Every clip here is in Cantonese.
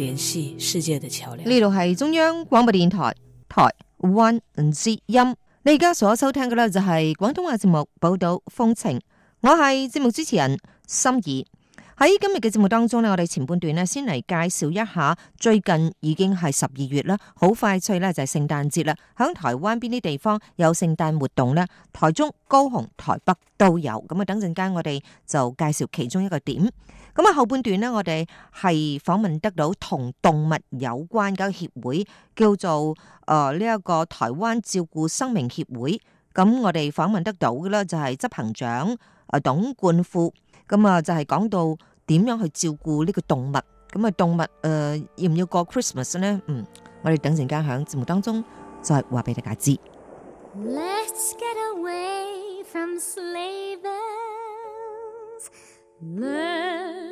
聯繫世界的橋梁。呢度係中央廣播電台台灣之音。你而家所收聽嘅咧就係廣東話節目《報道風情》，我係節目主持人心儀。喺今日嘅節目當中呢，我哋前半段呢，先嚟介紹一下最近已經係十二月啦，好快脆咧就係聖誕節啦。響台灣邊啲地方有聖誕活動呢？台中、高雄、台北都有。咁啊，等陣間我哋就介紹其中一個點。咁啊，後半段咧，我哋係訪問得到同動物有關嘅協會，叫做誒呢一個台灣照顧生命協會。咁我哋訪問得到嘅咧，就係執行長誒董冠富。咁啊，就係講到點樣去照顧呢個動物。咁啊，動物誒要唔要過 Christmas 咧？嗯，我哋等陣間喺節目當中再話俾大家知。Let's get away from slavery.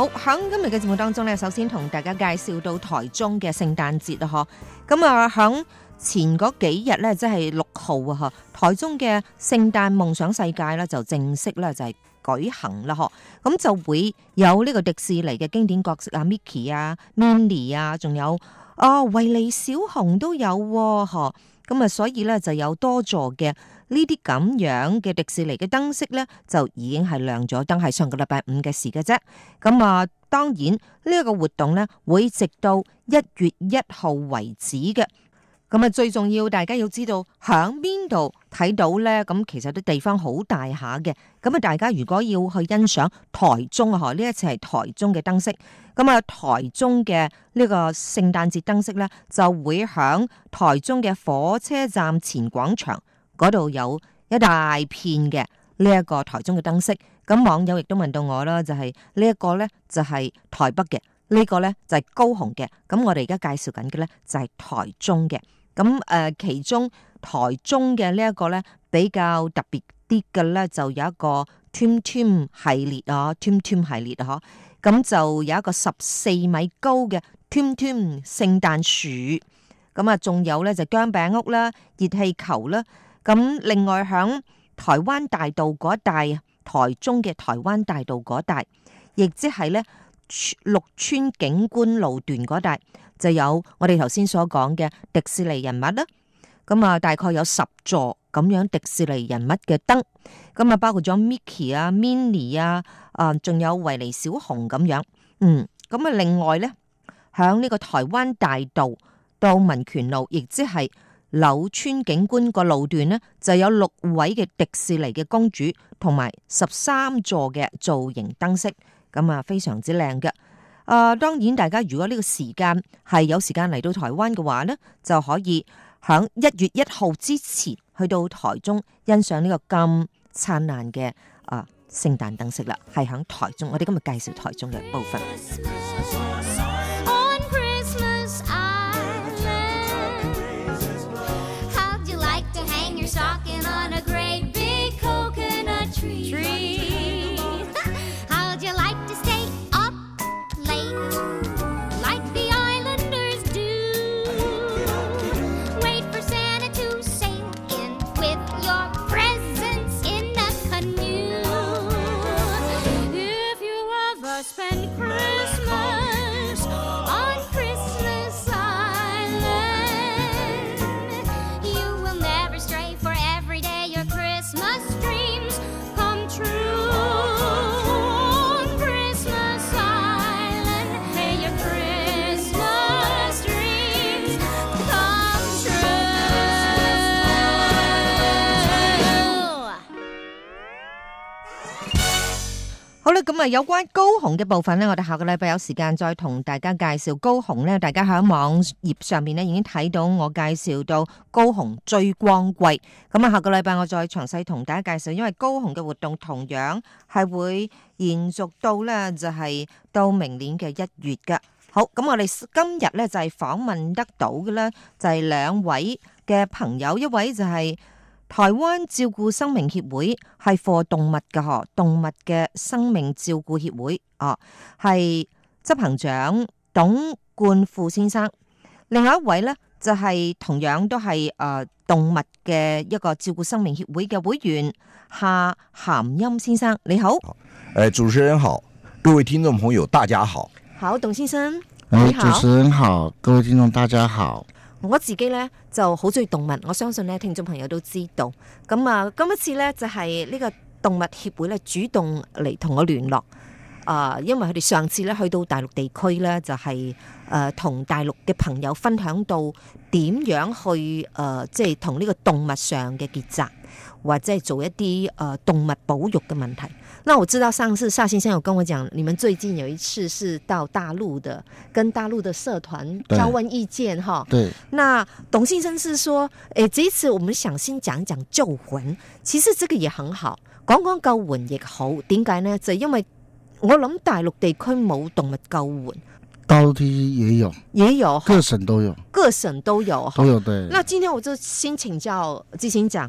好喺今日嘅節目當中咧，首先同大家介紹到台中嘅聖誕節啦，嗬。咁啊，喺前嗰幾日咧，即係六號啊，嗬。台中嘅聖誕夢想世界咧就正式咧就係舉行啦，嗬。咁就會有呢個迪士尼嘅經典角色啊，Mickey 啊，Minnie 啊，仲、啊、有啊維、哦、尼小熊都有、啊，嗬。咁啊，所以咧就有多座嘅呢啲咁樣嘅迪士尼嘅燈飾咧，就已經係亮咗燈，係上個禮拜五嘅事嘅啫。咁啊，當然呢一個活動咧會直到一月一號為止嘅。咁啊，最重要，大家要知道響邊度。睇到咧，咁其實啲地方好大下嘅，咁啊大家如果要去欣賞台中啊，呢一次係台中嘅燈飾，咁啊台中嘅呢個聖誕節燈飾咧就會喺台中嘅火車站前廣場嗰度有一大片嘅呢一個台中嘅燈飾，咁網友亦都問到我啦，就係呢一個咧就係台北嘅，呢個咧就係高雄嘅，咁我哋而家介紹緊嘅咧就係台中嘅。咁誒，其中台中嘅呢一個咧比較特別啲嘅咧，就有一個 Tum Tum 系列啊 Tum Tum 系列啊，嗬，咁就有一個十四米高嘅 Tum Tum 聖誕樹，咁啊，仲有咧就姜餅屋啦、熱氣球啦，咁另外響台灣大道嗰帶，台中嘅台灣大道嗰帶，亦即係咧六川景觀路段嗰帶。就有我哋頭先所講嘅迪士尼人物啦，咁啊大概有十座咁樣迪士尼人物嘅燈，咁啊包括咗 Mickey 啊、Minnie 啊，啊仲有維尼小熊咁樣，嗯，咁啊另外咧響呢個台灣大道到民權路，亦即係柳川景觀個路段咧，就有六位嘅迪士尼嘅公主同埋十三座嘅造型燈飾，咁啊非常之靚嘅。啊、呃，當然大家如果呢個時間係有時間嚟到台灣嘅話呢，就可以喺一月一號之前去到台中欣賞呢個咁燦爛嘅啊、呃、聖誕燈飾啦，係喺台中，我哋今日介紹台中嘅部分。How'd you like to hang your stocking on a great big coconut tree? 好啦，咁啊，有關高雄嘅部分咧，我哋下個禮拜有時間再同大家介紹高雄咧。大家喺網頁上面咧已經睇到我介紹到高雄追光季。咁啊，下個禮拜我再詳細同大家介紹，因為高雄嘅活動同樣係會延續到咧，就係到明年嘅一月嘅。好，咁我哋今日咧就係訪問得到嘅咧，就係兩位嘅朋友，一位就係。台灣照顧生命協會係貨動物嘅嗬，動物嘅生命照顧協會哦，係、啊、執行長董冠富先生，另外一位咧就係、是、同樣都係誒動物嘅一個照顧生命協會嘅會員夏咸音先生，你好，誒主持人好，各位聽眾朋友大家好，好董先生，主持人好，各位聽眾大家好。我自己咧就好中意動物，我相信咧聽眾朋友都知道。咁啊，今一次咧就係、是、呢個動物協會咧主動嚟同我聯絡啊，因為佢哋上次咧去到大陸地區咧就係誒同大陸嘅朋友分享到點樣去誒即係同呢個動物上嘅結紮。我在做一啲，誒，動物保育嘅問題。那我知道上次夏先生有跟我講，你們最近有一次是到大陸的，跟大陸的社團交換意見，哈。對。吼對，那董先生是說，誒、欸，這次我們想先講一講救援，其實這個也很好，講講救援也好。點解呢？就是，因為我諗大陸地區冇動物救援。大陸也有，也有，各省都有，各省都有，都有。對。那今天我就先請教，即先講。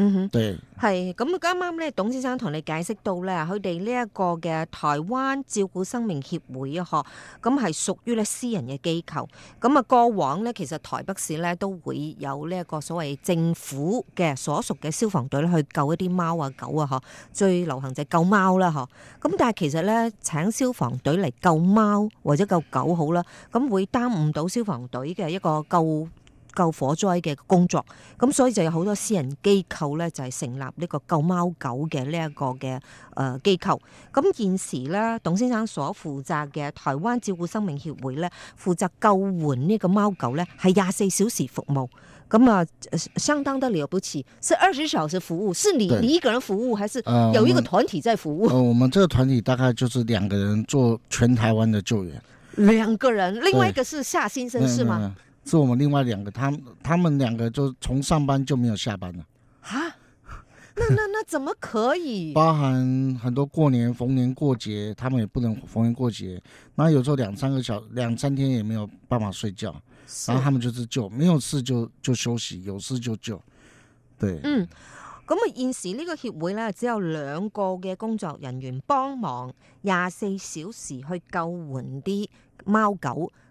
嗯哼，係咁對，啱啱咧，剛剛董先生同你解釋到咧，佢哋呢一個嘅台灣照顧生命協會啊，嗬，咁係屬於咧私人嘅機構。咁啊，過往咧，其實台北市咧都會有呢一個所謂政府嘅所屬嘅消防隊去救一啲貓啊、狗啊，嗬。最流行就係救貓啦，嗬。咁但係其實咧，請消防隊嚟救貓或者救狗好啦，咁會耽誤到消防隊嘅一個救。救火災嘅工作，咁所以就有好多私人機構咧，就係、是、成立呢個救貓狗嘅呢一個嘅誒機構。咁現時咧，董先生所負責嘅台灣照顧生命協會咧，負責救援個貓呢個貓狗咧，係廿四小時服務，咁啊相當得了不起。是二十小時服務，是你你一個人服務，還是有一個團體在服務？呃我們，呃、我們這個團體大概就是兩個人做全台灣的救援，兩個人，另外一個是夏先生，是嗎？是我們另外兩個，他他們兩個就從上班就沒有下班了。哈？那，那，那怎麼可以？包含很多過年、逢年過節，他們也不能逢年過節。然後、嗯、有時候兩三個小兩三天也沒有辦法睡覺，嗯、然後他們就是救，沒有事就就休息，有事就救。對，嗯，咁啊，現時呢個協會呢，只有兩個嘅工作人員幫忙廿四小時去救援啲貓狗。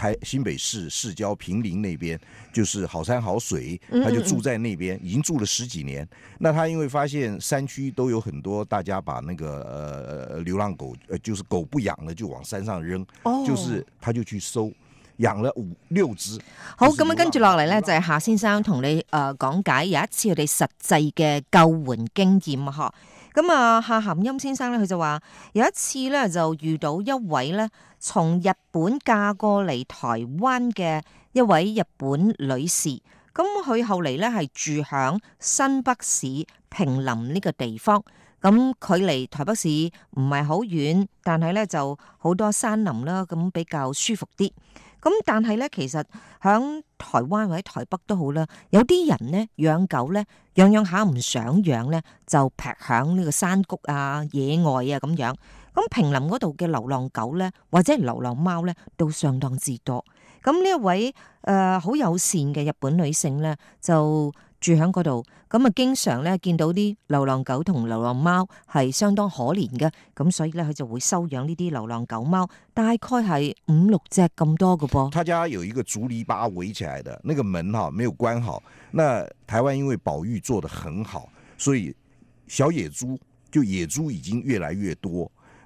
喺新北市市郊坪林那邊，就是好山好水，他就住在那邊，嗯嗯嗯，已經住了十幾年。那他因為發現山區都有很多大家把那個呃流浪狗，就是狗不養了就往山上扔，哦、就是他就去收，養了五六隻。好，咁啊，跟住落嚟呢，浪就係夏先生同你誒講解有一次佢哋實際嘅救援經驗呵。咁啊，夏含欽先生呢，佢就話有一次呢，就遇到一位呢。從日本嫁過嚟台灣嘅一位日本女士，咁佢後嚟咧係住響新北市坪林呢個地方，咁距離台北市唔係好遠，但係咧就好多山林啦，咁比較舒服啲。咁但係咧，其實響台灣或者台北都好啦，有啲人咧養狗咧，養養下唔想養咧，就撇響呢個山谷啊，野外啊咁樣。咁坪林嗰度嘅流浪狗咧，或者流浪貓咧，都相當之多。咁呢一位誒好、呃、友善嘅日本女性咧，就住喺嗰度，咁啊經常咧見到啲流浪狗同流浪貓係相當可憐嘅，咁所以咧佢就會收養呢啲流浪狗貓，大概係五六隻咁多嘅噃。他家有一個竹籬笆圍起來的，那個門哈沒有關好。那台灣因為保育做得很好，所以小野豬就野豬已經越來越多。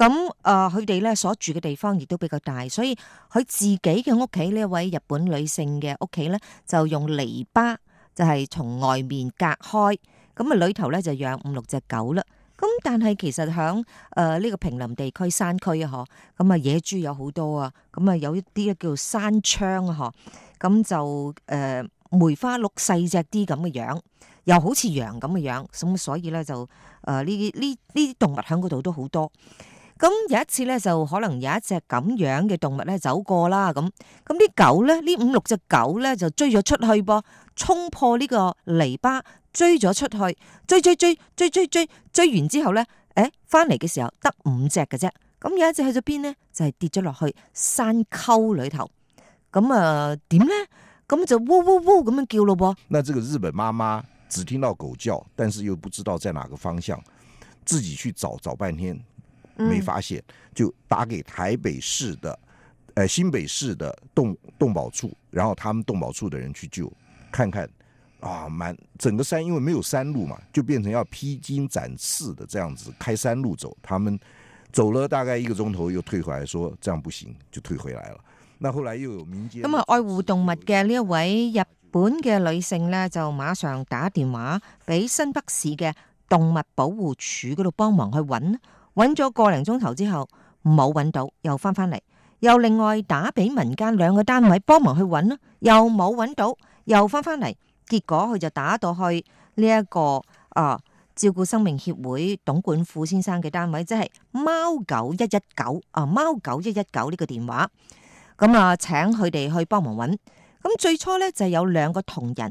咁啊，佢哋咧所住嘅地方亦都比較大，所以佢自己嘅屋企呢，一位日本女性嘅屋企咧，就用泥巴就係、是、從外面隔開，咁啊裏頭咧就養五六隻狗啦。咁但係其實響誒呢個坪林地區山區啊，嗬，咁啊野豬有好多啊，咁啊有一啲咧叫山羌啊，嗬，咁就誒梅花鹿細只啲咁嘅樣，又好似羊咁嘅樣，咁所以咧就誒呢啲呢呢啲動物響嗰度都好多。咁有一次咧，就可能有一隻咁樣嘅動物咧走過啦，咁咁啲狗咧，呢五六隻狗咧就追咗出去噃，衝破呢個籬笆追咗出去，追追追追追追追完之後咧，誒、哎，翻嚟嘅時候得五隻嘅啫，咁有一隻去咗邊咧？就係、是、跌咗落去山溝裏頭，咁啊點咧？咁、呃、就嗚嗚嗚咁樣叫咯噃。那這個日本媽媽只聽到狗叫，但是又不知道在哪個方向，自己去找找半天。嗯、沒發現，就打給台北市的，呃、新北市的動動保處，然後他們動保處的人去救，看看啊，滿整個山，因為沒有山路嘛，就變成要披荊斬棘的這樣子開山路走。他們走了大概一個鐘頭，又退回來說，說這樣不行，就退回來了。那後來又有民間咁啊，那麼愛護動物嘅呢一位日本嘅女性呢，就馬上打電話俾新北市嘅動物保護處嗰度幫忙去揾。揾咗個零鐘頭之後冇揾到，又翻翻嚟，又另外打俾民間兩個單位幫忙去揾囉，又冇揾到，又翻返嚟，結果佢就打到去呢、這、一個啊照顧生命協會董管傅先生嘅單位，即係貓狗一一九啊，貓狗一一九呢個電話，咁啊，請佢哋去幫忙揾。咁最初咧就有兩個同仁。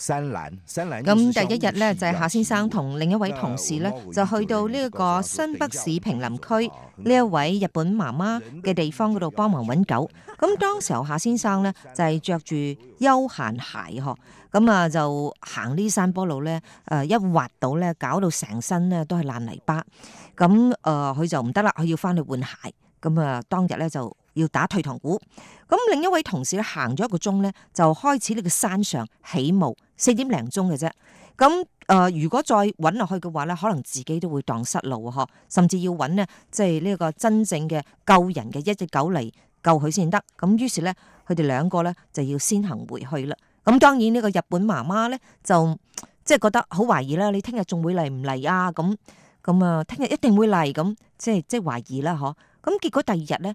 山難，咁第一日咧，就係夏先生同另一位同事咧，就去到呢一個新北市坪林區呢一位日本媽媽嘅地方嗰度幫忙揾狗。咁當時候夏先生咧就係着住休閒鞋呵，咁啊就行呢山坡路咧，誒一滑倒咧，搞到成身咧都係爛泥巴。咁誒佢就唔得啦，佢要返去換鞋。咁啊當日咧就。要打退堂鼓，咁另一位同事咧行咗一個鐘咧，就開始呢個山上起霧，四點零鐘嘅啫。咁誒、呃，如果再揾落去嘅話咧，可能自己都會蕩失路啊，嗬，甚至要揾咧，即係呢個真正嘅救人嘅一隻狗嚟救佢先得。咁於是咧，佢哋兩個咧就要先行回去啦。咁當然呢個日本媽媽咧就即係覺得好懷疑啦，你聽日仲會嚟唔嚟啊？咁咁啊，聽日一定會嚟，咁即係即係懷疑啦，嗬。咁結果第二日咧。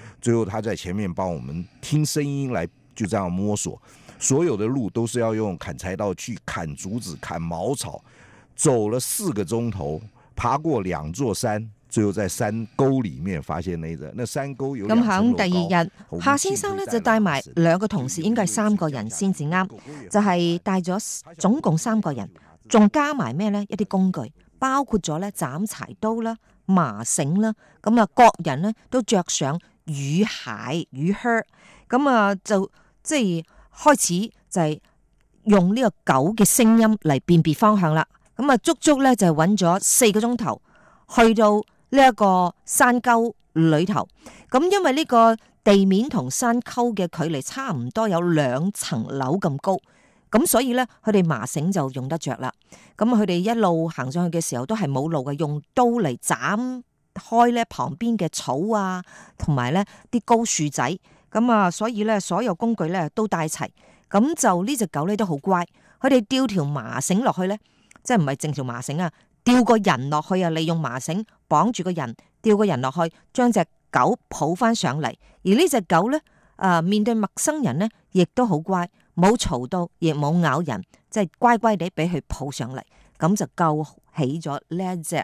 最後他在前面幫我們聽聲音，來就這樣摸索。所有的路都是要用砍柴刀去砍竹子、砍茅草。走了四個鐘頭，爬過兩座山，最後在山溝裏面發現那個。那山溝有咁響。第二日，夏先生呢帶來就帶埋兩個同事，應該係三個人先至啱。就係帶咗總共三個人，仲加埋咩呢？一啲工具，包括咗呢斬柴刀啦、麻繩啦。咁啊，各人呢都着上。雨鞋、雨靴，咁啊就即係開始就係用呢個狗嘅聲音嚟辨別方向啦。咁啊足足咧就係揾咗四個鐘頭，去到呢一個山溝裏頭。咁因為呢個地面同山溝嘅距離差唔多有兩層樓咁高，咁所以咧佢哋麻繩就用得着啦。咁佢哋一路行上去嘅時候都係冇路嘅，用刀嚟斬。開咧旁邊嘅草啊，同埋咧啲高樹仔，咁啊，所以咧所有工具咧都帶齊，咁就呢隻狗咧都好乖，佢哋吊條麻繩落去咧，即係唔係淨條麻繩啊，吊個人落去啊，利用麻繩綁，綁住個人，吊個人落去，將隻狗抱翻上嚟，而呢隻狗咧啊、呃，面對陌生人咧，亦都好乖，冇嘈到，亦冇咬人，即係乖乖地俾佢抱上嚟，咁就救起咗呢一隻。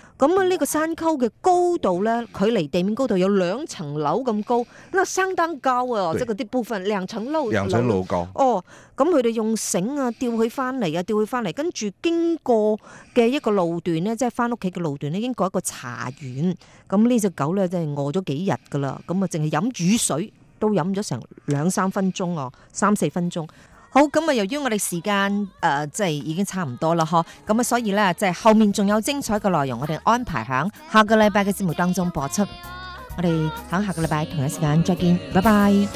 咁啊！呢個山溝嘅高度咧，佢離地面高度有兩層樓咁高，嗱相當高啊！對即係嗰啲部分兩層樓兩層樓高哦。咁佢哋用繩啊吊佢翻嚟啊，吊佢翻嚟，跟住經過嘅一個路段咧，即係翻屋企嘅路段咧，經過一個茶園。咁呢隻狗咧，真係餓咗幾日噶啦。咁啊，淨係飲雨水都飲咗成兩三分鐘啊，三四分鐘。好，咁啊！由於我哋時間誒，即係已經差唔多啦，嗬！咁啊，所以咧，即係後面仲有精彩嘅內容，我哋安排喺下個禮拜嘅節目當中播出。我哋喺下個禮拜同一時間再見，拜拜。